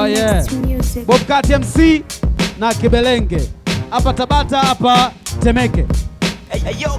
Oh, yeah. Bobcat MC na Kibelenge hapa Tabata, hapa Temeke. Hey, hey, yo,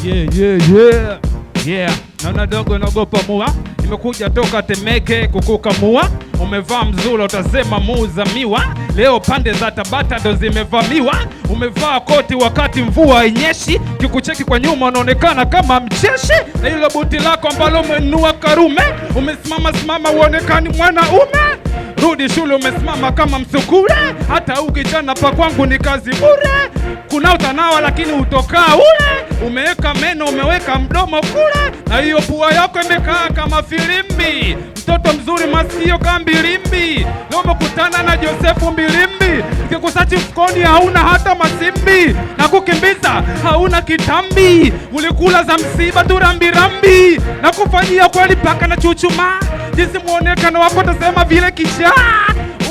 yeah, yeah, yeah, yeah. Yeah. Naona dogo naogopa mua nimekuja toka Temeke kukukamua. Umevaa mzula utasema muuza miwa, leo pande za Tabata ndo zimevamiwa. Umevaa koti wakati mvua inyeshi, kikucheki kwa nyuma unaonekana kama mcheshi, na hilo buti lako ambalo umenua Karume umesimama simama, uonekani mwanaume rudi shule, umesimama kama msukule, hata ukijana pa kwangu ni kazi bure. Kuna utanawa lakini utokaa ule, umeweka meno, umeweka mdomo kule, na hiyo pua yako imekaa kama filimbi. Mtoto mzuri masikio kama mbilimbi, leo umekutana na Josefu Mbilimbi. Kikusachi mfukoni hauna hata masimbi, na kukimbiza hauna kitambi, ulikula za msiba tu rambirambi, na kufanyia kweli paka na chuchuma jinsi mwonekano wako tasema vile kichaa,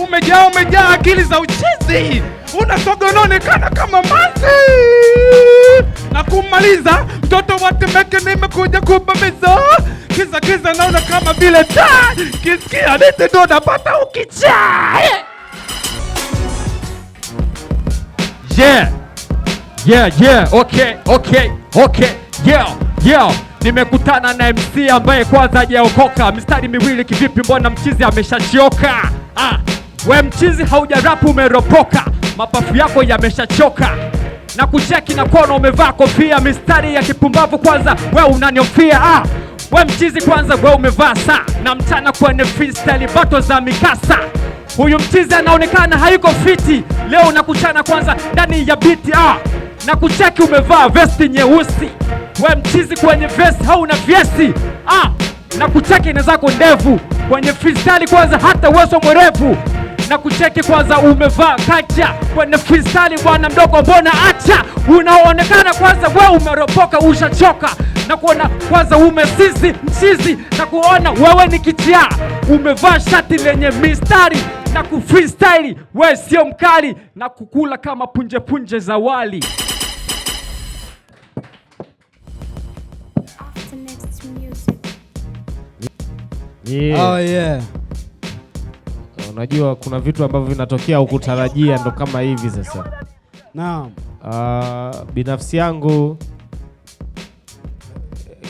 umejaa umejaa akili za uchizi, unasoga unaonekana kama manzi na kumaliza mtoto wa Temeke, nimekuja kubamiza kiza kiza, naona kama vile ta kisikia niti ndo napata ukichaa yeah. Yeah, yeah, okay, okay, okay. Yeah, yeah. Nimekutana na MC ambaye kwanza hajaokoka, mistari miwili kivipi? Mbona mchizi ameshachioka? Ah, we mchizi haujarapu umeropoka, mapafu yako yameshachoka na kucheki na kono, umevaa kofia mistari ya kipumbavu. Kwanza we unaniofia ah, we mchizi kwanza we umevaa saa na mchana kwenye freestyle bato za mikasa Huyu mchizi anaonekana haiko fiti leo, nakuchana kwanza ndani ya biti ah, na kucheki umevaa vesti nyeusi we mchizi kwenye vest hauna vyesi ah, na kucheki na zako ndevu kwenye freestyle kwanza, hata weso mwerevu na kucheki kwanza, umevaa kacha kwenye freestyle bwana mdogo, mbona acha unaonekana kwanza, we umeropoka ushachoka na kuona kwanza umesizi mchizi na kuona wewe ni kichaa, umevaa shati lenye mistari na kufreestyle, we sio mkali na kukula kama punjepunje za wali. Yeah. Oh, yeah. Unajua kuna vitu ambavyo vinatokea ukutarajia ndo kama hivi sasa. Naam. Uh, binafsi yangu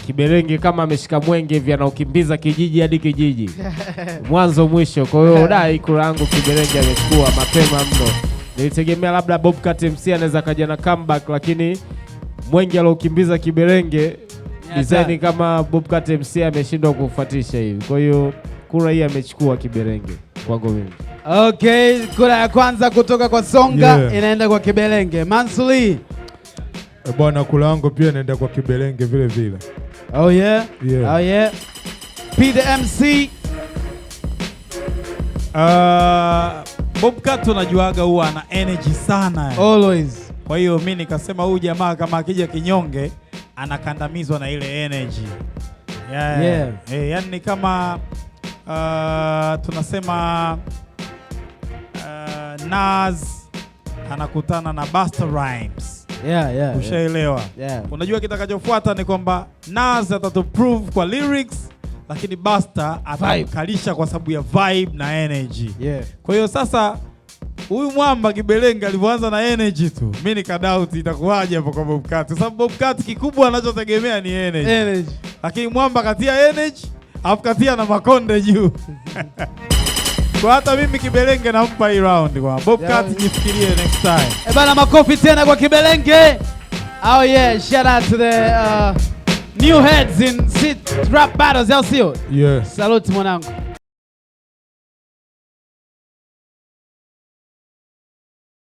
Kiberenge kama ameshika mwenge hivi anaukimbiza kijiji hadi kijiji mwanzo mwisho. Kwa hiyo dai kura yangu Kiberenge amechukua mapema mno. Nilitegemea labda Bobcat MC anaweza kaja na comeback, lakini mwenge aliokimbiza Kiberenge design kama Bobcat MC ameshindwa kufuatisha hivi. Kwa hiyo kura hii amechukua Kiberenge kwangu mimi. Okay, kura ya kwanza kutoka kwa Songa yeah, inaenda kwa Kiberenge. Mansuri eh, bwana, kura yangu pia inaenda kwa Kiberenge vile vile. Oh yeah. Yeah. Oh yeah. P MC. Uh, ah, Bobcat unajuaga huwa ana energy sana. Always. Kwa hiyo mimi nikasema huyu jamaa kama akija kinyonge anakandamizwa na ile energy yeah. Yeah. Eh, hey, yani ni kama uh, tunasema uh, Nas anakutana na Busta Rhymes. Yeah, yeah, ushaelewa yeah. Yeah. Unajua kitakachofuata ni kwamba Nas atatuprove kwa lyrics lakini Busta atakalisha kwa sababu ya vibe na energy yeah. Kwa hiyo sasa Huyu mwamba Kibelenga alivyoanza na energy tu, mimi nikadoubt itakuwaje hapo kwa Bob Bobcat, sababu Bob Bobcat kikubwa anachotegemea ni energy. Energy. Lakini mwamba katia energy, afu katia na makonde juu kwa hata mimi Kiberenge nampa hii round kwa Bob Bobcat, jifikirie next time. Eh, bana makofi tena kwa kibelenge. Oh yeah, shout out to the uh, new heads in sit rap battles, au sio? Yes. Salute mwanangu.